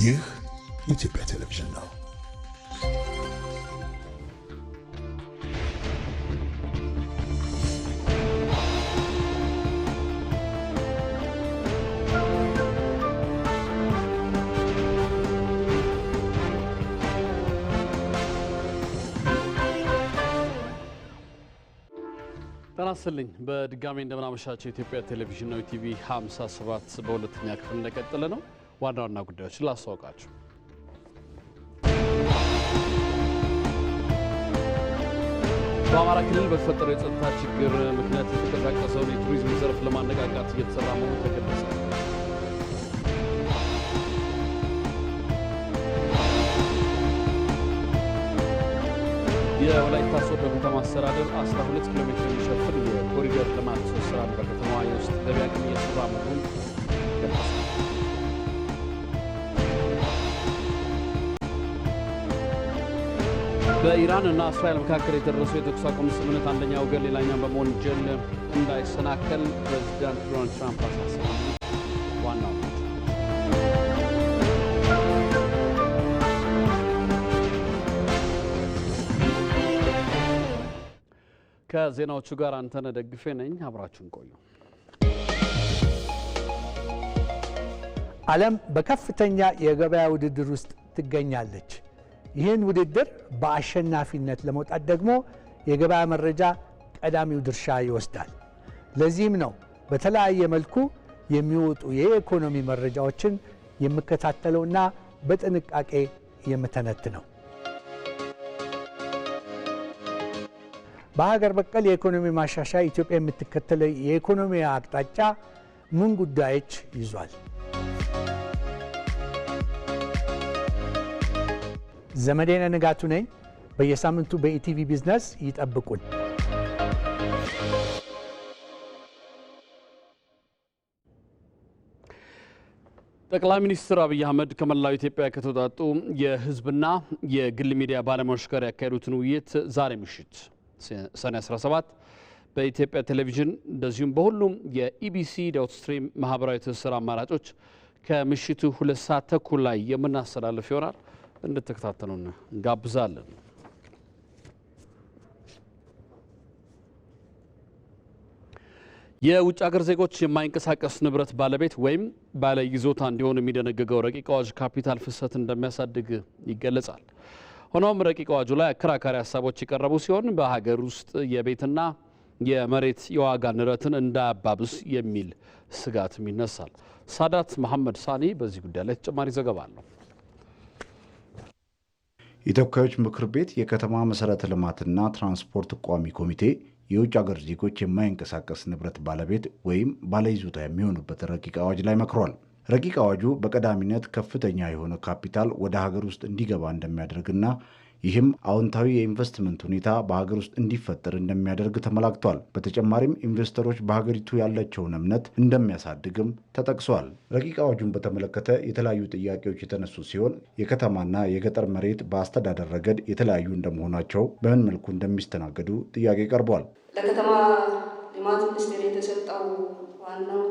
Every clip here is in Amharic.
ይህ የኢትዮጵያ ቴሌቪዥን ነው። ጤና ይስጥልኝ በድጋሚ እንደምናመሻቸው የኢትዮጵያ ቴሌቪዥን ነው። ኢቲቪ 57 በሁለተኛ ክፍል እንደቀጠለ ነው። ዋና ዋና ጉዳዮችን ላስታውቃችሁ። በአማራ ክልል በተፈጠረው የጸጥታ ችግር ምክንያት የተቀዛቀሰውን የቱሪዝም ዘርፍ ለማነቃቃት እየተሰራ መሆኑ ተገለጸ። የወላይታ ሶዶ ከተማ አስተዳደር 12 ኪሎ ሜትር የሚሸፍን የኮሪደር ልማት ስራ በከተማዋ የውስጥ ገበያ ቅን እየሰራ መሆኑን በኢራን እና እስራኤል መካከል የተደረሰው የተኩስ አቁም ስምምነት አንደኛ ወገን ሌላኛውን በመወንጀል እንዳይሰናከል ፕሬዚዳንት ዶናልድ ትራምፕ አሳሰቡ። ዋናው ከዜናዎቹ ጋር አንተነ ደግፌ ነኝ። አብራችሁን ቆዩ። ዓለም በከፍተኛ የገበያ ውድድር ውስጥ ትገኛለች። ይህን ውድድር በአሸናፊነት ለመውጣት ደግሞ የገበያ መረጃ ቀዳሚው ድርሻ ይወስዳል። ለዚህም ነው በተለያየ መልኩ የሚወጡ የኢኮኖሚ መረጃዎችን የምከታተለውና በጥንቃቄ የምተነትነው። በሀገር በቀል የኢኮኖሚ ማሻሻያ ኢትዮጵያ የምትከተለው የኢኮኖሚ አቅጣጫ ምን ጉዳዮች ይዟል? ዘመዴነ ንጋቱ ነኝ። በየሳምንቱ በኢቲቪ ቢዝነስ ይጠብቁን። ጠቅላይ ሚኒስትር አብይ አህመድ ከመላው ኢትዮጵያ ከተወጣጡ የህዝብና የግል ሚዲያ ባለሙያዎች ጋር ያካሄዱትን ውይይት ዛሬ ምሽት ሰኔ 17 በኢትዮጵያ ቴሌቪዥን እንደዚሁም በሁሉም የኢቢሲ ዳውት ስትሪም ማህበራዊ ትስስር አማራጮች ከምሽቱ ሁለት ሰዓት ተኩል ላይ የምናስተላልፍ ይሆናል። እንድትከታተሉን እንጋብዛለን። የውጭ ሀገር ዜጎች የማይንቀሳቀስ ንብረት ባለቤት ወይም ባለ ይዞታ እንዲሆን የሚደነግገው ረቂቅ አዋጅ ካፒታል ፍሰት እንደሚያሳድግ ይገለጻል። ሆኖም ረቂቅ አዋጁ ላይ አከራካሪ ሀሳቦች የቀረቡ ሲሆን በሀገር ውስጥ የቤትና የመሬት የዋጋ ንረትን እንዳያባብስ የሚል ስጋትም ይነሳል። ሳዳት መሐመድ ሳኒ በዚህ ጉዳይ ላይ ተጨማሪ ዘገባ አለው። የተወካዮች ምክር ቤት የከተማ መሠረተ ልማትና ትራንስፖርት ቋሚ ኮሚቴ የውጭ አገር ዜጎች የማይንቀሳቀስ ንብረት ባለቤት ወይም ባለይዞታ የሚሆኑበት ረቂቅ አዋጅ ላይ መክሯል። ረቂቅ አዋጁ በቀዳሚነት ከፍተኛ የሆነ ካፒታል ወደ ሀገር ውስጥ እንዲገባ እንደሚያደርግና ይህም አዎንታዊ የኢንቨስትመንት ሁኔታ በሀገር ውስጥ እንዲፈጠር እንደሚያደርግ ተመላክቷል። በተጨማሪም ኢንቨስተሮች በሀገሪቱ ያላቸውን እምነት እንደሚያሳድግም ተጠቅሷል። ረቂቅ አዋጁን በተመለከተ የተለያዩ ጥያቄዎች የተነሱ ሲሆን የከተማና የገጠር መሬት በአስተዳደር ረገድ የተለያዩ እንደመሆናቸው በምን መልኩ እንደሚስተናገዱ ጥያቄ ቀርቧል። ለከተማ ልማት ሚኒስቴር የተሰጠው ዋናው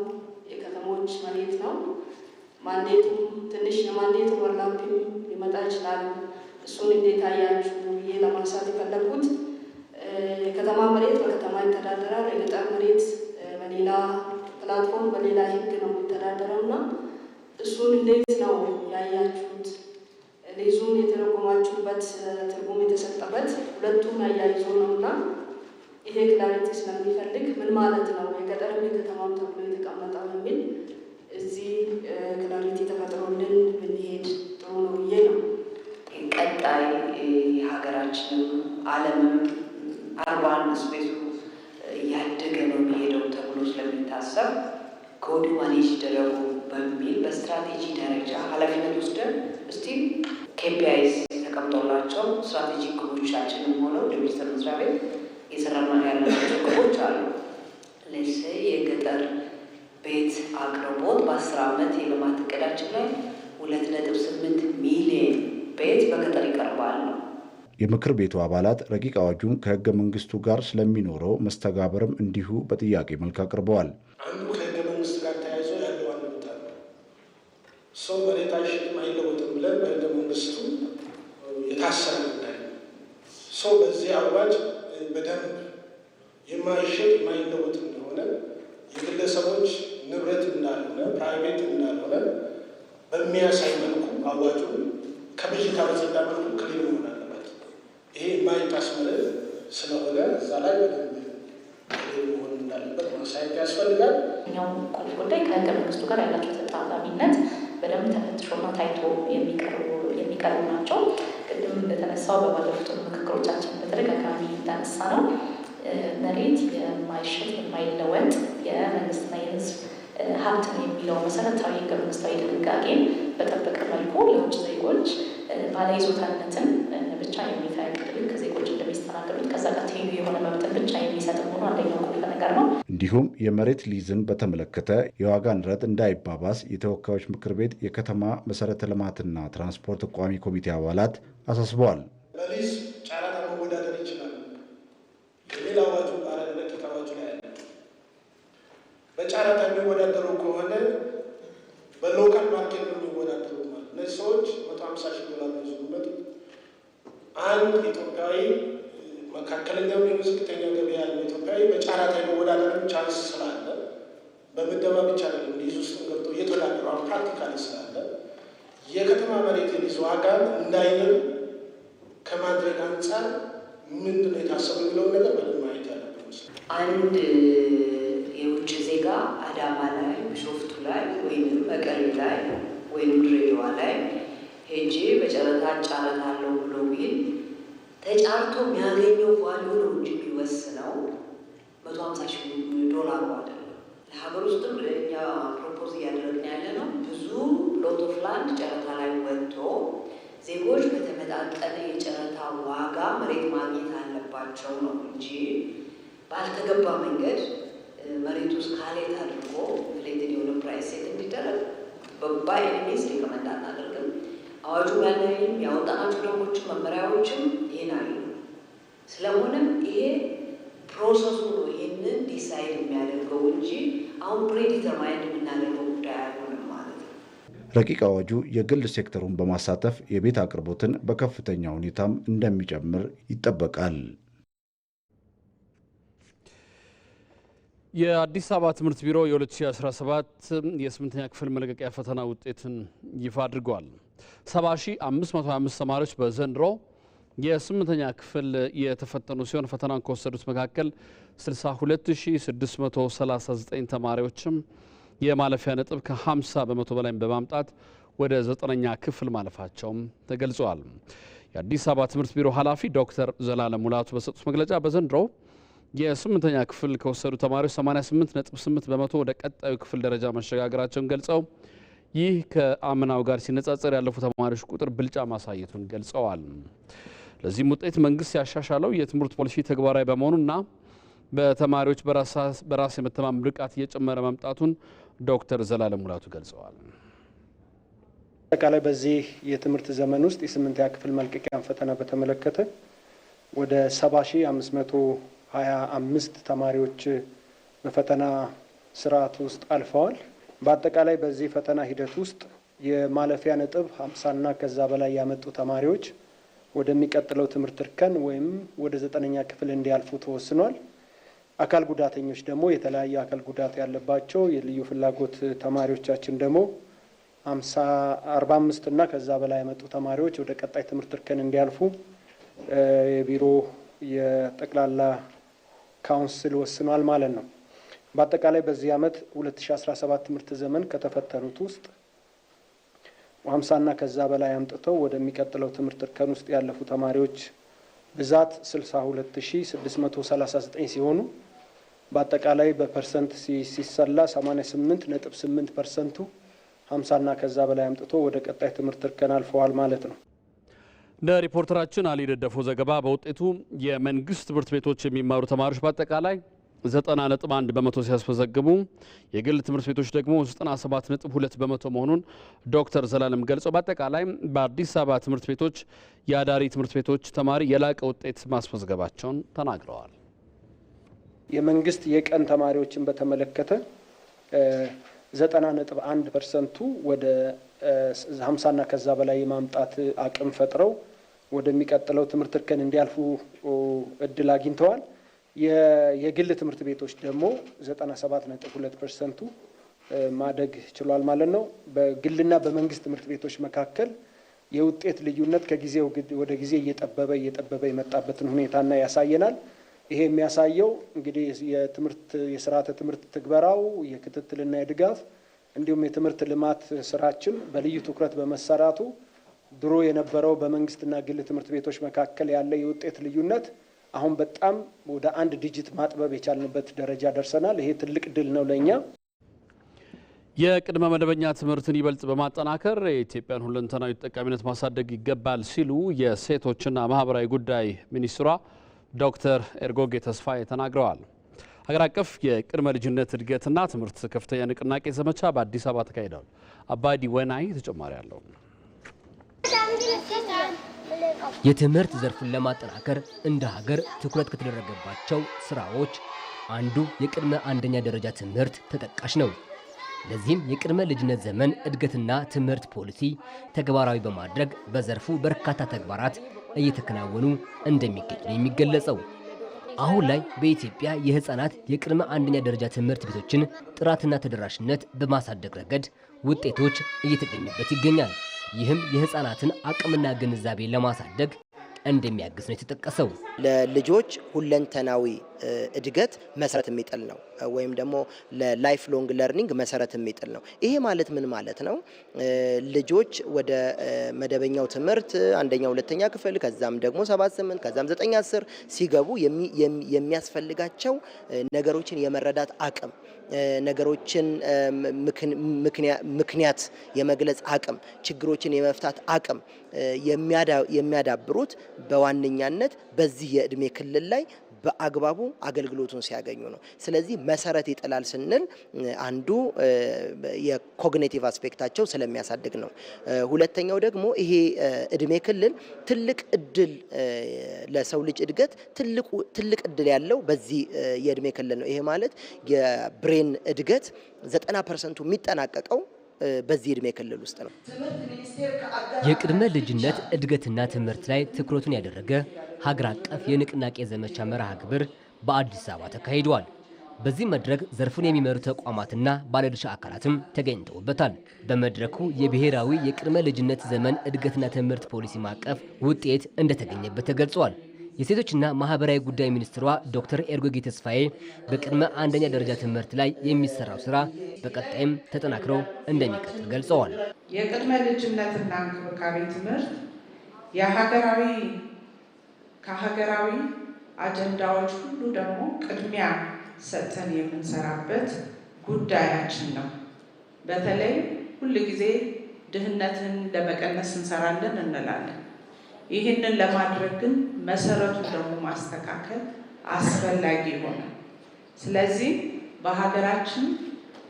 የከተሞች መሬት ነው። ማንዴቱ ትንሽ የማንዴቱ ወርላምፒ ሊመጣ ይችላል እሱን እንዴት አያችሁ ብዬ ለማንሳት የፈለጉት የከተማ መሬት በከተማ ይተዳደራል። የገጠር መሬት በሌላ ፕላትፎርም በሌላ ህግ ነው የሚተዳደረው እና እሱን እንዴት ነው ያያችሁት? ሌዙን የተረጎማችሁበት ትርጉም የተሰጠበት ሁለቱን አያይዞ ነው እና ይሄ ክላሪቲ ስለሚፈልግ ምን ማለት ነው የገጠርም የከተማም ተብሎ የተቀመጠው የሚል እዚህ ክላሪቲ ተፈጥሮልን ብንሄድ ጥሩ ነው ብዬ ነው። ቀጣይ የሀገራችንም ዓለምም አርባን ስፔሱ እያደገ ነው የሚሄደው ተብሎ ስለሚታሰብ ከወዲሁ ማኔጅ ይደረጉ በሚል በስትራቴጂ ደረጃ ኃላፊነት ወስደን እስቲ ኬፒአይስ ተቀምጦላቸው ስትራቴጂክ ግቦቻችንም ሆነው ለሚኒስቴር መስሪያ ቤት የሰራና ያለባቸው ግቦች አሉ። ለስ የገጠር ቤት አቅርቦት በአስር ዓመት የልማት እቅዳችን ላይ ሁለት ነጥብ ስምንት ሚሊየን ቤት በቅጥር ይቀርባሉ። የምክር ቤቱ አባላት ረቂቅ አዋጁን ከህገ መንግስቱ ጋር ስለሚኖረው መስተጋበርም እንዲሁ በጥያቄ መልክ አቅርበዋል። አንዱ ከህገ መንግስት ጋር ተያይዞ ያለው አንድምታ ሰው መሬት አይሽጥም አይለወጥም ብለን በህገ መንግስቱ የታሰረ ጉዳይ ሰው በዚህ አዋጅ በደንብ የማይሸጥ የማይለወጥ እንደሆነ የግለሰቦች ንብረት እንዳልሆነ ፕራይቬት እንዳልሆነ በሚያሳይ መልኩ አዋጁን ከበሽታ በጸዳ መልኩ ክሊን መሆን አለበት። ይሄ የማይጣስ መርህ ስለሆነ እዛ ላይ ክሊን መሆን እንዳለበት ማሳየት ያስፈልጋል። ኛው ቁልፍ ጉዳይ ከህገ መንግስቱ ጋር ያላቸው ተጣጣሚነት በደንብ ተፈትሾና ታይቶ የሚቀርቡ ናቸው። ቅድም እንደተነሳው በባለፉት ምክክሮቻችን በተደጋጋሚ እንዳነሳ ነው መሬት የማይሸጥ የማይለወጥ የመንግስትና የህዝብ ሀብት ነው የሚለው መሰረታዊ ህገ መንግስታዊ ድንጋጌ በጠበቀ መልኩ የውጭ ዜጎች ባለይዞታነትን ብቻ የሚፈቅድ ከዜጎች እንደሚስተናገዱት ከዛ ጋር ትይዩ የሆነ መብትን ብቻ የሚሰጥ መሆኑ አንደኛው ቁልፍ ነገር ነው። እንዲሁም የመሬት ሊዝን በተመለከተ የዋጋ ንረት እንዳይባባስ የተወካዮች ምክር ቤት የከተማ መሰረተ ልማትና ትራንስፖርት ቋሚ ኮሚቴ አባላት አሳስበዋል። በሊዝ ጨረታ መወዳደር ይችላል የሚል አዋጁ አረረቂት አዋጁ ላይ በጨረታ የሚወዳደሩ የከተማ መሬት ይዞ አካል እንዳይኖር ከማድረግ አንጻር ምንድን ነው የታሰበ የሚለውን ነገር በደንብ ማየት ያለብን ይመስላል። አንድ የውጭ ዜጋ አዳማ ላይ፣ ቢሾፍቱ ላይ ወይም መቀሌ ላይ ወይም ድሬዳዋ ላይ ሄጄ በጨረታ እጫረታለሁ ብሎ ቢል ተጫርቶ የሚያገኘው ቫሊዩ ነው እንጂ የሚወስነው መቶ ሀምሳ ሺህ ዶላር አይደለም። ለሀገር ውስጥም ለእኛ ፕሮፖዝ እያደረግን ኦፍ ላንድ ጨረታ ላይ ወጥቶ ዜጎች በተመጣጠነ የጨረታ ዋጋ መሬት ማግኘት አለባቸው ነው እንጂ ባልተገባ መንገድ መሬት ውስጥ ካሌት አድርጎ ሌትን የሆነ ፕራይስ ሴት እንዲደረግ በባይ ኤኒሚስ ሪኮመንድ አናደርግም። አዋጁ ያለይም ያወጣናቸው ደንቦችም መመሪያዎችም ይህን አሉ። ስለሆነም ይሄ ፕሮሰሱ ነው ይህንን ዲሳይድ የሚያደርገው እንጂ አሁን ፕሬዲተርማይንድ የምናደርገው ጉዳይ አለ ረቂቅ አዋጁ የግል ሴክተሩን በማሳተፍ የቤት አቅርቦትን በከፍተኛ ሁኔታም እንደሚጨምር ይጠበቃል። የአዲስ አበባ ትምህርት ቢሮ የ2017 የስምንተኛ ክፍል መለቀቂያ ፈተና ውጤትን ይፋ አድርገዋል። 7525 ተማሪዎች በዘንድሮ የስምንተኛ ክፍል የተፈተኑ ሲሆን ፈተናን ከወሰዱት መካከል 62639 ተማሪዎችም የማለፊያ ነጥብ ከ50 በመቶ በላይ በማምጣት ወደ ዘጠነኛ ክፍል ማለፋቸውም ተገልጸዋል። የአዲስ አበባ ትምህርት ቢሮ ኃላፊ ዶክተር ዘላለም ሙላቱ በሰጡት መግለጫ በዘንድሮ የስምንተኛ ክፍል ከወሰዱ ተማሪዎች 8 በመቶ ወደ ቀጣዩ ክፍል ደረጃ መሸጋገራቸውን ገልጸው ይህ ከአምናው ጋር ሲነጻጸር ያለፉ ተማሪዎች ቁጥር ብልጫ ማሳየቱን ገልጸዋል። ለዚህም ውጤት መንግስት ያሻሻለው የትምህርት ፖሊሲ ተግባራዊ በመሆኑና በተማሪዎች በራስ የመተማመን ብቃት እየጨመረ መምጣቱን ዶክተር ዘላለም ሙላቱ ገልጸዋል። አጠቃላይ በዚህ የትምህርት ዘመን ውስጥ የስምንተኛ ክፍል መልቀቂያን ፈተና በተመለከተ ወደ 70525 ተማሪዎች በፈተና ስርዓት ውስጥ አልፈዋል። በአጠቃላይ በዚህ ፈተና ሂደት ውስጥ የማለፊያ ነጥብ 50ና ከዛ በላይ ያመጡ ተማሪዎች ወደሚቀጥለው ትምህርት እርከን ወይም ወደ ዘጠነኛ ክፍል እንዲያልፉ ተወስኗል። አካል ጉዳተኞች ደግሞ የተለያየ አካል ጉዳት ያለባቸው የልዩ ፍላጎት ተማሪዎቻችን ደግሞ አምሳ አርባ አምስት እና ከዛ በላይ የመጡ ተማሪዎች ወደ ቀጣይ ትምህርት እርከን እንዲያልፉ የቢሮ የጠቅላላ ካውንስል ወስኗል ማለት ነው። በአጠቃላይ በዚህ ዓመት 2017 ትምህርት ዘመን ከተፈተኑት ውስጥ ሀምሳና ከዛ በላይ አምጥተው ወደሚቀጥለው ትምህርት እርከን ውስጥ ያለፉ ተማሪዎች ብዛት 62639 ሲሆኑ በአጠቃላይ በፐርሰንት ሲሰላ 88 ነጥብ 8 ፐርሰንቱ 50ና ከዛ በላይ አምጥቶ ወደ ቀጣይ ትምህርት እርከን አልፈዋል ማለት ነው። እንደ ሪፖርተራችን አሊ ደደፎ ዘገባ በውጤቱ የመንግስት ትምህርት ቤቶች የሚማሩ ተማሪዎች በአጠቃላይ 1 በመቶ ሲያስመዘግቡ የግል ትምህርት ቤቶች ደግሞ 97.2 በመቶ መሆኑን ዶክተር ዘላለም ገልጸው በአጠቃላይ በአዲስ አበባ ትምህርት ቤቶች የአዳሪ ትምህርት ቤቶች ተማሪ የላቀ ውጤት ማስመዝገባቸውን ተናግረዋል። የመንግስት የቀን ተማሪዎችን በተመለከተ ዘጠና ነጥብ አንድ ፐርሰንቱ ወደ ሀምሳና ከዛ በላይ የማምጣት አቅም ፈጥረው ወደሚቀጥለው ትምህርት እርከን እንዲያልፉ እድል አግኝተዋል። የግል ትምህርት ቤቶች ደግሞ ዘጠና ሰባት ነጥብ ሁለት ፐርሰንቱ ማደግ ችሏል ማለት ነው። በግልና በመንግስት ትምህርት ቤቶች መካከል የውጤት ልዩነት ከጊዜ ወደ ጊዜ እየጠበበ እየጠበበ የመጣበትን ሁኔታና ያሳየናል። ይሄ የሚያሳየው እንግዲህ የትምህርት የስርዓተ ትምህርት ትግበራው የክትትልና የድጋፍ እንዲሁም የትምህርት ልማት ስራችን በልዩ ትኩረት በመሰራቱ ድሮ የነበረው በመንግስትና ግል ትምህርት ቤቶች መካከል ያለ የውጤት ልዩነት አሁን በጣም ወደ አንድ ዲጂት ማጥበብ የቻልንበት ደረጃ ደርሰናል። ይሄ ትልቅ ድል ነው ለእኛ። የቅድመ መደበኛ ትምህርትን ይበልጥ በማጠናከር የኢትዮጵያን ሁለንተናዊ ተጠቃሚነት ማሳደግ ይገባል ሲሉ የሴቶችና ማህበራዊ ጉዳይ ሚኒስትሯ ዶክተር ኤርጎጌ ተስፋዬ ተናግረዋል። ሀገር አቀፍ የቅድመ ልጅነት እድገትና ትምህርት ከፍተኛ ንቅናቄ ዘመቻ በአዲስ አበባ ተካሂደዋል። አባዲ ወናይ ተጨማሪ አለው። የትምህርት ዘርፉን ለማጠናከር እንደ ሀገር ትኩረት ከተደረገባቸው ስራዎች አንዱ የቅድመ አንደኛ ደረጃ ትምህርት ተጠቃሽ ነው። ለዚህም የቅድመ ልጅነት ዘመን እድገትና ትምህርት ፖሊሲ ተግባራዊ በማድረግ በዘርፉ በርካታ ተግባራት እየተከናወኑ እንደሚገኝ ነው የሚገለጸው። አሁን ላይ በኢትዮጵያ የህፃናት የቅድመ አንደኛ ደረጃ ትምህርት ቤቶችን ጥራትና ተደራሽነት በማሳደግ ረገድ ውጤቶች እየተገኙበት ይገኛል። ይህም የህፃናትን አቅምና ግንዛቤ ለማሳደግ እንደሚያግዝ ነው የተጠቀሰው። ለልጆች ሁለንተናዊ እድገት መሰረት የሚጥል ነው ወይም ደግሞ ለላይፍ ሎንግ ለርኒንግ መሰረት የሚጥል ነው። ይሄ ማለት ምን ማለት ነው? ልጆች ወደ መደበኛው ትምህርት አንደኛ ሁለተኛ ክፍል ከዛም ደግሞ ሰባት ስምንት ከዛም ዘጠኝ አስር ሲገቡ የሚያስፈልጋቸው ነገሮችን የመረዳት አቅም ነገሮችን ምክንያት የመግለጽ አቅም፣ ችግሮችን የመፍታት አቅም የሚያዳብሩት በዋነኛነት በዚህ የእድሜ ክልል ላይ በአግባቡ አገልግሎቱን ሲያገኙ ነው። ስለዚህ መሰረት ይጥላል ስንል አንዱ የኮግኔቲቭ አስፔክታቸው ስለሚያሳድግ ነው። ሁለተኛው ደግሞ ይሄ እድሜ ክልል ትልቅ እድል ለሰው ልጅ እድገት ትልቅ እድል ያለው በዚህ የእድሜ ክልል ነው። ይሄ ማለት የብሬን እድገት ዘጠና ፐርሰንቱ የሚጠናቀቀው በዚህ እድሜ ክልል ውስጥ ነው። የቅድመ ልጅነት እድገትና ትምህርት ላይ ትኩረቱን ያደረገ ሀገር አቀፍ የንቅናቄ ዘመቻ መርሃ ግብር በአዲስ አበባ ተካሂዷል። በዚህ መድረክ ዘርፉን የሚመሩ ተቋማትና ባለድርሻ አካላትም ተገኝተውበታል። በመድረኩ የብሔራዊ የቅድመ ልጅነት ዘመን እድገትና ትምህርት ፖሊሲ ማዕቀፍ ውጤት እንደተገኘበት ተገልጿል። የሴቶችና ማህበራዊ ጉዳይ ሚኒስትሯ ዶክተር ኤርጎጌ ተስፋዬ በቅድመ አንደኛ ደረጃ ትምህርት ላይ የሚሰራው ስራ በቀጣይም ተጠናክሮ እንደሚቀጥል ገልጸዋል። የቅድመ ልጅነትና እንክብካቤ ትምህርት የሀገራዊ ከሀገራዊ አጀንዳዎች ሁሉ ደግሞ ቅድሚያ ሰጥተን የምንሰራበት ጉዳያችን ነው። በተለይ ሁል ጊዜ ድህነትን ለመቀነስ እንሰራለን እንላለን። ይህንን ለማድረግ ግን መሰረቱን ደግሞ ማስተካከል አስፈላጊ ይሆናል። ስለዚህ በሀገራችን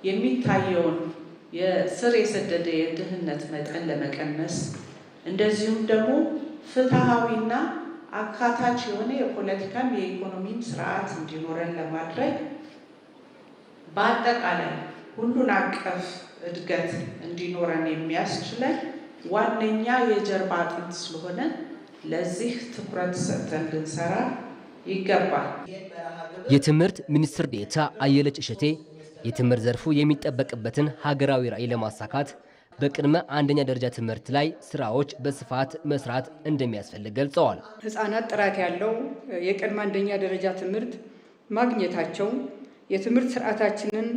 የሚታየውን የስር የሰደደ የድህነት መጠን ለመቀነስ እንደዚሁም ደግሞ ፍትሐዊና አካታች የሆነ የፖለቲካም የኢኮኖሚም ስርዓት እንዲኖረን ለማድረግ በአጠቃላይ ሁሉን አቀፍ እድገት እንዲኖረን የሚያስችለን ዋነኛ የጀርባ አጥንት ስለሆነ ለዚህ ትኩረት ሰጥተን ልንሰራ ይገባል። የትምህርት ሚኒስትር ዴኤታ አየለች እሸቴ የትምህርት ዘርፉ የሚጠበቅበትን ሀገራዊ ራዕይ ለማሳካት በቅድመ አንደኛ ደረጃ ትምህርት ላይ ስራዎች በስፋት መስራት እንደሚያስፈልግ ገልጸዋል። ህጻናት ጥራት ያለው የቅድመ አንደኛ ደረጃ ትምህርት ማግኘታቸው የትምህርት ስርዓታችንን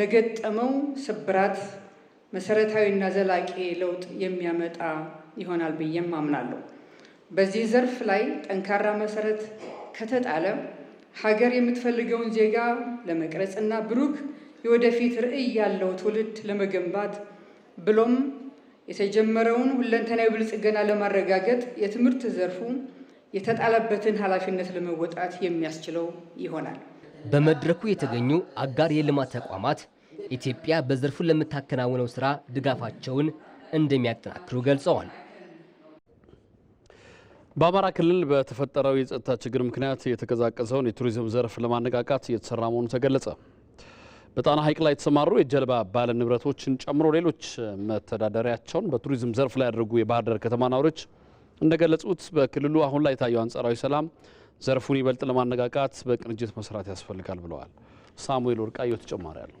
ለገጠመው ስብራት መሰረታዊና ዘላቂ ለውጥ የሚያመጣ ይሆናል ብዬም አምናለሁ። በዚህ ዘርፍ ላይ ጠንካራ መሰረት ከተጣለ ሀገር የምትፈልገውን ዜጋ ለመቅረጽና ብሩህ የወደፊት ርዕይ ያለው ትውልድ ለመገንባት ብሎም የተጀመረውን ሁለንተናዊ ብልጽግና ለማረጋገጥ የትምህርት ዘርፉ የተጣለበትን ኃላፊነት ለመወጣት የሚያስችለው ይሆናል። በመድረኩ የተገኙ አጋር የልማት ተቋማት ኢትዮጵያ በዘርፉ ለምታከናውነው ስራ ድጋፋቸውን እንደሚያጠናክሩ ገልጸዋል። በአማራ ክልል በተፈጠረው የጸጥታ ችግር ምክንያት የተቀዛቀዘውን የቱሪዝም ዘርፍ ለማነቃቃት እየተሰራ መሆኑ ተገለጸ። በጣና ሐይቅ ላይ የተሰማሩ የጀልባ ባለ ንብረቶችን ጨምሮ ሌሎች መተዳደሪያቸውን በቱሪዝም ዘርፍ ላይ ያደረጉ የባህር ዳር ከተማ ነዋሪዎች እንደገለጹት በክልሉ አሁን ላይ የታየው አንጻራዊ ሰላም ዘርፉን ይበልጥ ለማነቃቃት በቅንጅት መስራት ያስፈልጋል ብለዋል። ሳሙኤል ወርቃየሁ ተጨማሪ አለው።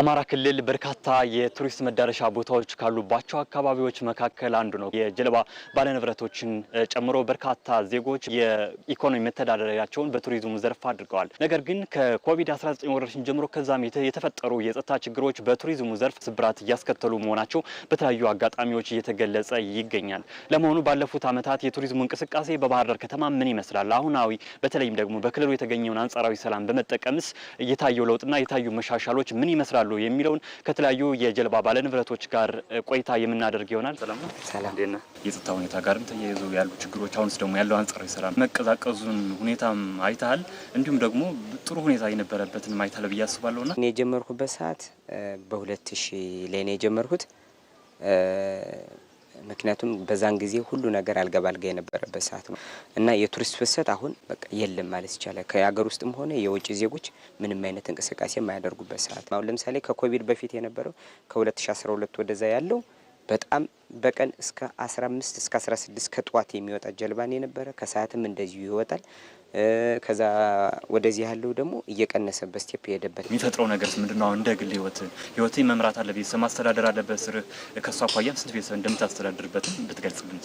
አማራ ክልል በርካታ የቱሪስት መዳረሻ ቦታዎች ካሉባቸው አካባቢዎች መካከል አንዱ ነው። የጀልባ ባለንብረቶችን ጨምሮ በርካታ ዜጎች የኢኮኖሚ መተዳደሪያቸውን በቱሪዝሙ ዘርፍ አድርገዋል። ነገር ግን ከኮቪድ-19 ወረርሽኝ ጀምሮ ከዛም የተፈጠሩ የጸጥታ ችግሮች በቱሪዝሙ ዘርፍ ስብራት እያስከተሉ መሆናቸው በተለያዩ አጋጣሚዎች እየተገለጸ ይገኛል። ለመሆኑ ባለፉት ዓመታት የቱሪዝሙ እንቅስቃሴ በባህር ዳር ከተማ ምን ይመስላል? አሁናዊ በተለይም ደግሞ በክልሉ የተገኘውን አንጻራዊ ሰላም በመጠቀምስ የታየው ለውጥና የታዩ መሻሻሎች ምን ይመስላል ይደርሳሉ የሚለውን ከተለያዩ የጀልባ ባለንብረቶች ጋር ቆይታ የምናደርግ ይሆናል። ሰላም ሰላም ዴና የጸጥታ ሁኔታ ጋርም ተያይዞ ያሉ ችግሮች፣ አሁንስ ደግሞ ያለው አንጻር ሰላም መቀዛቀዙን ሁኔታም አይተሃል፣ እንዲሁም ደግሞ ጥሩ ሁኔታ የነበረበትን አይተሃል ብዬ አስባለሁ። ና እኔ የጀመርኩበት ሰዓት በሁለት ሺህ ላይ ነው የጀመርኩት ምክንያቱም በዛን ጊዜ ሁሉ ነገር አልጋ ባልጋ የነበረበት ሰዓት ነው እና የቱሪስት ፍሰት አሁን በቃ የለም ማለት ይቻላል። ከሀገር ውስጥም ሆነ የውጭ ዜጎች ምንም አይነት እንቅስቃሴ የማያደርጉበት ሰዓት አሁን ለምሳሌ ከኮቪድ በፊት የነበረው ከ2012 ወደዛ ያለው በጣም በቀን እስከ 15 እስከ 16 ከጠዋት የሚወጣ ጀልባን የነበረ ከሰዓትም እንደዚሁ ይወጣል። ከዛ ወደዚህ ያለው ደግሞ እየቀነሰበት ስቴፕ የሄደበት የሚፈጥረው ነገር ምንድን ነው? እንደ ግል ህይወት ህይወት መምራት አለ፣ ቤተሰብ ማስተዳደር አለበት። ስር ከእሱ አኳያም ስንት ቤተሰብ እንደምታስተዳድርበት ብትገልጽልን።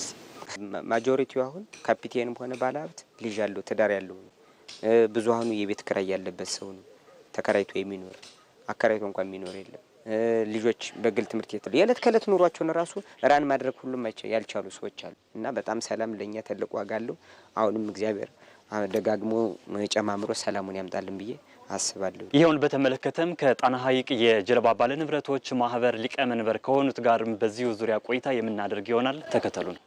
ማጆሪቲው አሁን ካፒቴንም ሆነ ባለሀብት ልጅ ያለው ትዳር ያለው ነው። ብዙሀኑ የቤት ክራይ ያለበት ሰው ነው ተከራይቶ የሚኖር አከራይቶ እንኳን የሚኖር የለም። ልጆች በግል ትምህርት ቤት የዕለት ከዕለት ኑሯቸውን ራሱ ራን ማድረግ ሁሉም ያልቻሉ ሰዎች አሉ እና በጣም ሰላም ለእኛ ትልቅ ዋጋ አለው። አሁንም እግዚአብሔር ደጋግሞ መጨማምሮ ሰላሙን ያምጣልን ብዬ አስባለሁ። ይኸውን በተመለከተም ከጣና ሐይቅ የጀልባ ባለ ንብረቶች ማህበር ሊቀመንበር ከሆኑት ጋርም በዚሁ ዙሪያ ቆይታ የምናደርግ ይሆናል። ተከተሉ ነው።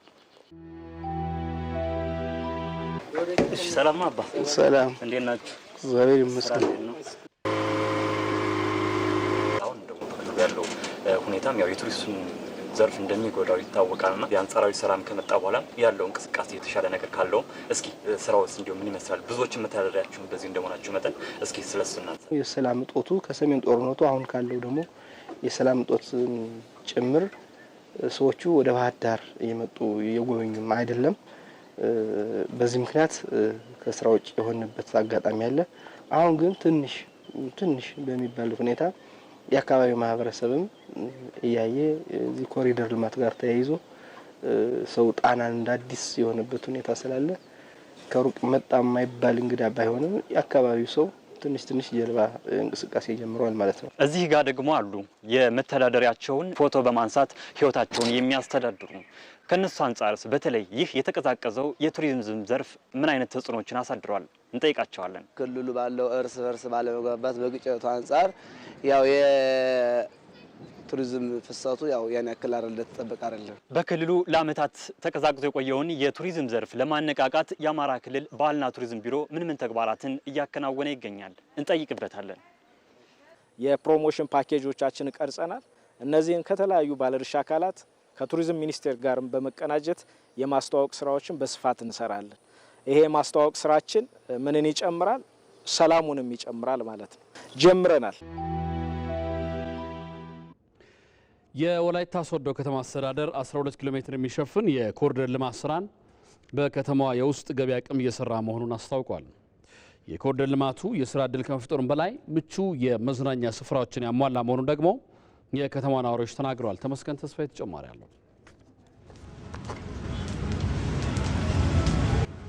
ሰላም አባ፣ ሰላም እንዴት ናችሁ? እግዚአብሔር ይመስገን። አሁን ያለው ሁኔታም ያው የቱሪስቱን ዘርፍ እንደሚጎዳው ና የአንጻራዊ ሰላም ከመጣ በኋላ ያለው እንቅስቃሴ የተሻለ ነገር ካለውም እስኪ ውስጥ እንዲሁ ምን ይመስላል? ብዙዎች መተዳደሪያችሁ በዚህ እንደመሆናችሁ መጠን እስኪ ስለሱ የሰላም እጦቱ ከሰሜን ጦርነቱ አሁን ካለው ደግሞ የሰላም እጦት ጭምር ሰዎቹ ወደ ባህር ዳር እየመጡ እየጎበኙም አይደለም። በዚህ ምክንያት ከስራ ውጭ የሆንበት አጋጣሚ አለ። አሁን ግን ትንሽ ትንሽ በሚባል ሁኔታ የአካባቢው ማህበረሰብም እያየ እዚህ ኮሪደር ልማት ጋር ተያይዞ ሰው ጣናን እንደ አዲስ የሆነበት ሁኔታ ስላለ ከሩቅ መጣ የማይባል እንግዳ ባይሆንም የአካባቢው ሰው ትንሽ ትንሽ የልባ እንቅስቃሴ ጀምረዋል ማለት ነው። እዚህ ጋር ደግሞ አሉ የመተዳደሪያቸውን ፎቶ በማንሳት ህይወታቸውን የሚያስተዳድሩ ከእነሱ አንጻርስ በተለይ ይህ የተቀዛቀዘው የቱሪዝም ዘርፍ ምን አይነት ተጽዕኖዎችን አሳድሯል? እንጠይቃቸዋለን። ክልሉ ባለው እርስ በርስ ባለመግባባት በግጭቱ አንጻር ያው ቱሪዝም ፍሰቱ ያው ያን ያክል አረ እንደተጠበቀ አይደለም። በክልሉ ለዓመታት ተቀዛቅዞ የቆየውን የቱሪዝም ዘርፍ ለማነቃቃት የአማራ ክልል ባህልና ቱሪዝም ቢሮ ምን ምን ተግባራትን እያከናወነ ይገኛል? እንጠይቅበታለን። የፕሮሞሽን ፓኬጆቻችን ቀርጸናል። እነዚህን ከተለያዩ ባለድርሻ አካላት ከቱሪዝም ሚኒስቴር ጋርም በመቀናጀት የማስተዋወቅ ስራዎችን በስፋት እንሰራለን። ይሄ የማስተዋወቅ ስራችን ምንን ይጨምራል? ሰላሙንም ይጨምራል ማለት ነው። ጀምረናል። የወላይታ ሶዶ ከተማ አስተዳደር 12 ኪሎ ሜትር የሚሸፍን የኮሪደር ልማት ስራን በከተማዋ የውስጥ ገበያ አቅም እየሰራ መሆኑን አስታውቋል። የኮሪደር ልማቱ የስራ እድል ከመፍጠሩም በላይ ምቹ የመዝናኛ ስፍራዎችን ያሟላ መሆኑን ደግሞ የከተማ ነዋሪዎች ተናግረዋል። ተመስገን ተስፋዬ ተጨማሪ አለው።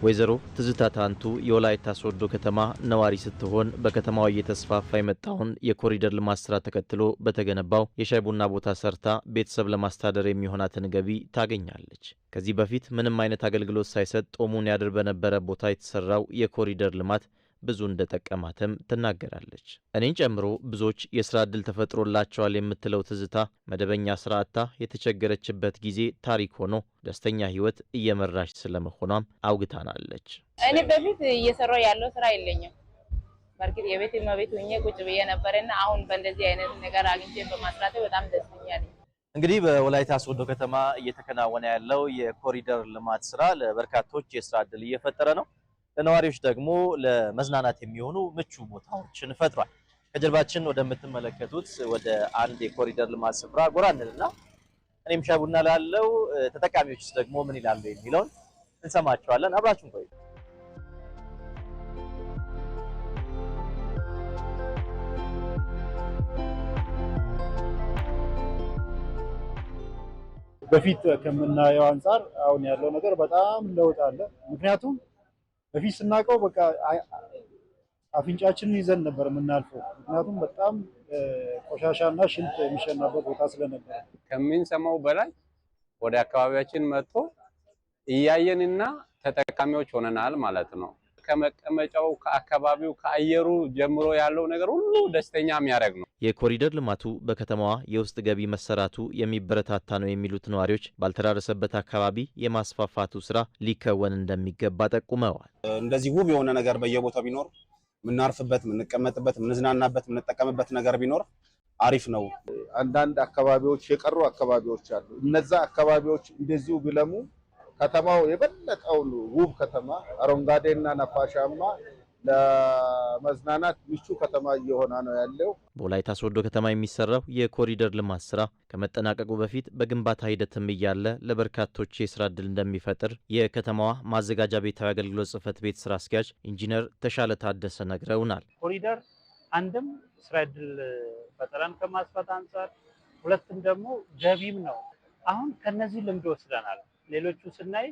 ወይዘሮ ትዝታ ታንቱ የወላይታ ሶዶ ከተማ ነዋሪ ስትሆን በከተማዋ እየተስፋፋ የመጣውን የኮሪደር ልማት ስራ ተከትሎ በተገነባው የሻይ ቡና ቦታ ሰርታ ቤተሰብ ለማስተዳደር የሚሆናትን ገቢ ታገኛለች። ከዚህ በፊት ምንም አይነት አገልግሎት ሳይሰጥ ጦሙን ያድር በነበረ ቦታ የተሰራው የኮሪደር ልማት ብዙ እንደጠቀማትም ትናገራለች። እኔን ጨምሮ ብዙዎች የስራ ዕድል ተፈጥሮላቸዋል የምትለው ትዝታ መደበኛ ስራ የተቸገረችበት ጊዜ ታሪክ ሆኖ ደስተኛ ህይወት እየመራች ስለመሆኗም አውግታናለች። እኔ በፊት እየሰራው ያለው ስራ የለኝም። በእርግጥ የቤት መቤት ሆኜ ቁጭ ብዬ ነበረና አሁን በእንደዚህ አይነት ነገር አግኝቼ በማስራት በጣም ደስተኛ ነኝ። እንግዲህ በወላይታ ሶዶ ከተማ እየተከናወነ ያለው የኮሪደር ልማት ስራ ለበርካቶች የስራ ዕድል እየፈጠረ ነው። ለነዋሪዎች ደግሞ ለመዝናናት የሚሆኑ ምቹ ቦታዎችን ፈጥሯል። ከጀርባችን ወደምትመለከቱት ወደ አንድ የኮሪደር ልማት ስፍራ ጎራ እንልና እኔም ሻይ ቡና ላለው ተጠቃሚዎች ደግሞ ምን ይላሉ የሚለውን እንሰማቸዋለን። አብራችሁን ቆዩ። በፊት ከምናየው አንጻር አሁን ያለው ነገር በጣም ለውጥ አለ። ምክንያቱም በፊት ስናውቀው በቃ አፍንጫችንን ይዘን ነበር የምናልፈው። ምክንያቱም በጣም ቆሻሻና ሽንት የሚሸናበት ቦታ ስለነበር ከምንሰማው በላይ ወደ አካባቢያችን መጥቶ እያየንና ተጠቃሚዎች ሆነናል ማለት ነው። ከመቀመጫው ከአካባቢው ከአየሩ ጀምሮ ያለው ነገር ሁሉ ደስተኛ የሚያደርግ ነው። የኮሪደር ልማቱ በከተማዋ የውስጥ ገቢ መሰራቱ የሚበረታታ ነው የሚሉት ነዋሪዎች ባልተዳረሰበት አካባቢ የማስፋፋቱ ስራ ሊከወን እንደሚገባ ጠቁመዋል። እንደዚህ ውብ የሆነ ነገር በየቦታው ቢኖር የምናርፍበት፣ የምንቀመጥበት፣ የምንዝናናበት፣ የምንጠቀምበት ነገር ቢኖር አሪፍ ነው። አንዳንድ አካባቢዎች የቀሩ አካባቢዎች አሉ። እነዛ አካባቢዎች እንደዚሁ ብለሙ ከተማው የበለጠውን ውብ ከተማ አረንጓዴና ነፋሻማ ለመዝናናት ምቹ ከተማ እየሆነ ነው ያለው። በወላይታ ሶዶ ከተማ የሚሰራው የኮሪደር ልማት ስራ ከመጠናቀቁ በፊት በግንባታ ሂደትም እያለ ለበርካቶች የስራ እድል እንደሚፈጥር የከተማዋ ማዘጋጃ ቤታዊ አገልግሎት ጽህፈት ቤት ስራ አስኪያጅ ኢንጂነር ተሻለ ታደሰ ነግረውናል። ኮሪደር አንድም ስራ እድል ፈጠራን ከማስፋት አንጻር፣ ሁለትም ደግሞ ገቢም ነው። አሁን ከነዚህ ልምድ ወስደናል። ሌሎቹን ስናይ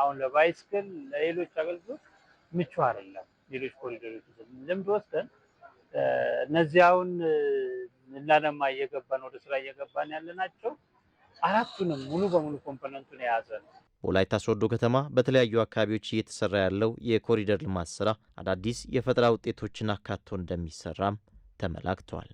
አሁን ለባይስክል ለሌሎች አገልግሎት ምቹ አይደለም። ሌሎች ኮሪደሮች ልምድ ወስደን እነዚህ አሁን እናለማ እየገባን ወደ ስራ እየገባን ያለ ናቸው። አራቱንም ሙሉ በሙሉ ኮምፖነንቱን የያዘ ነው። በወላይታ ሶዶ ከተማ በተለያዩ አካባቢዎች እየተሰራ ያለው የኮሪደር ልማት ስራ አዳዲስ የፈጠራ ውጤቶችን አካቶ እንደሚሰራም ተመላክቷል።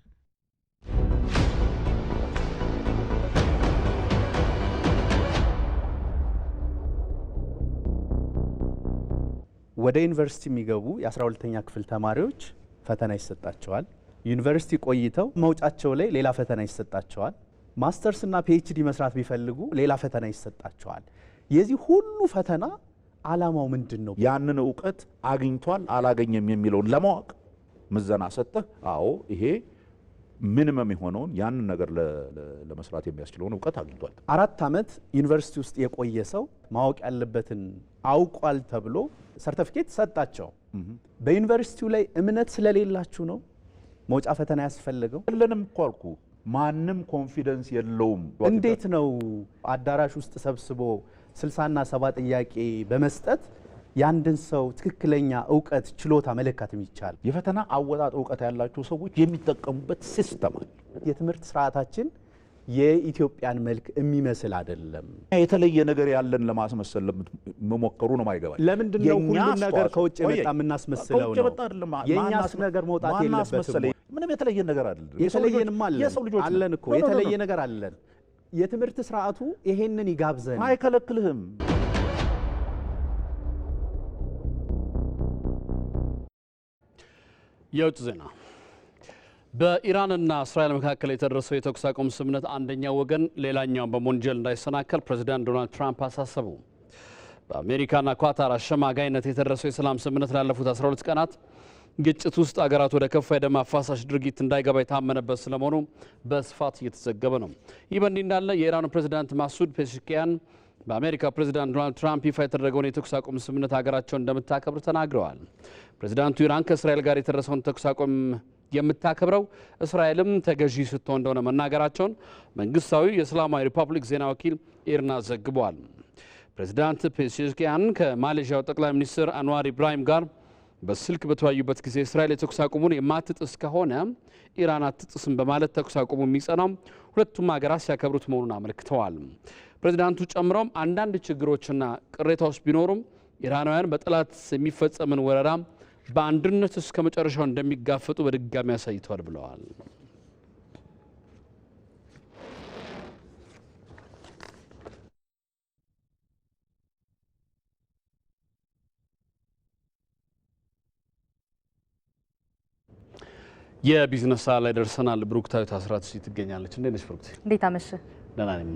ወደ ዩኒቨርሲቲ የሚገቡ የ12ተኛ ክፍል ተማሪዎች ፈተና ይሰጣቸዋል። ዩኒቨርሲቲ ቆይተው መውጫቸው ላይ ሌላ ፈተና ይሰጣቸዋል። ማስተርስና ፒኤችዲ መስራት ቢፈልጉ ሌላ ፈተና ይሰጣቸዋል። የዚህ ሁሉ ፈተና አላማው ምንድን ነው? ያንን እውቀት አግኝቷል አላገኘም የሚለውን ለማወቅ ምዘና ሰጥተህ አዎ ይሄ ሚኒመም የሆነውን ያንን ነገር ለመስራት የሚያስችለውን እውቀት አግኝቷል። አራት ዓመት ዩኒቨርሲቲ ውስጥ የቆየ ሰው ማወቅ ያለበትን አውቋል ተብሎ ሰርተፊኬት ሰጣቸው። በዩኒቨርሲቲው ላይ እምነት ስለሌላችሁ ነው መውጫ ፈተና ያስፈልገው የለንም እኮ አልኩ። ማንም ኮንፊደንስ የለውም። እንዴት ነው አዳራሽ ውስጥ ሰብስቦ ስልሳና ሰባ ጥያቄ በመስጠት የአንድን ሰው ትክክለኛ እውቀት፣ ችሎታ መለካት የሚቻል የፈተና አወጣጥ እውቀት ያላቸው ሰዎች የሚጠቀሙበት ሲስተም አለ። የትምህርት ስርዓታችን የኢትዮጵያን መልክ የሚመስል አይደለም። የተለየ ነገር ያለን ለማስመሰል ለምትመሞከሩ ነው ማይገባል። ለምንድን ነው ሁሉም ነገር ከውጭ የመጣ የምናስመስለው ነው? የእኛስ ነገር መውጣት የለበትም። ምንም የተለየ ነገር አለን። የተለየንም አለን አለን እኮ የተለየ ነገር አለን። የትምህርት ስርዓቱ ይሄንን ይጋብዘን አይከለክልህም። የውጭ ዜና በኢራንና እስራኤል መካከል የተደረሰው የተኩስ አቁም ስምምነት አንደኛው ወገን ሌላኛውን በመወንጀል እንዳይሰናከል ፕሬዚዳንት ዶናልድ ትራምፕ አሳሰቡ። በአሜሪካና ኳታር አሸማጋይነት የተደረሰው የሰላም ስምምነት ላለፉት 12 ቀናት ግጭት ውስጥ አገራት ወደ ከፋ የደም አፋሳሽ ድርጊት እንዳይገባ የታመነበት ስለመሆኑ በስፋት እየተዘገበ ነው። ይህ በእንዲህ እንዳለ የኢራኑ ፕሬዚዳንት ማሱድ ፔሽኪያን በአሜሪካ ፕሬዚዳንት ዶናልድ ትራምፕ ይፋ የተደረገውን የተኩስ አቁም ስምምነት ሀገራቸው እንደምታከብር ተናግረዋል። ፕሬዚዳንቱ ኢራን ከእስራኤል ጋር የተደረሰውን ተኩስ አቁም የምታከብረው እስራኤልም ተገዢ ስትሆን እንደሆነ መናገራቸውን መንግስታዊ የእስላማዊ ሪፐብሊክ ዜና ወኪል ኢርና ዘግቧል። ፕሬዚዳንት ፔሴሽኪያን ከማሌዥያው ጠቅላይ ሚኒስትር አንዋር ኢብራሂም ጋር በስልክ በተወያዩበት ጊዜ እስራኤል የተኩስ አቁሙን የማትጥስ ከሆነ ኢራን አትጥስም በማለት ተኩስ አቁሙ የሚጸናው ሁለቱም ሀገራት ሲያከብሩት መሆኑን አመልክተዋል። ፕሬዚዳንቱ ጨምሮም አንዳንድ ችግሮችና ቅሬታዎች ቢኖሩም ኢራናውያን በጠላት የሚፈጸምን ወረራ በአንድነት እስከ መጨረሻው እንደሚጋፈጡ በድጋሚ አሳይተዋል ብለዋል። የቢዝነስ ሰዓት ላይ ደርሰናል። ብሩክታዊት አስራት ትገኛለች። እንዴት ነሽ ብሩክት? እንዴት አመሸ? ደህና ነኝ።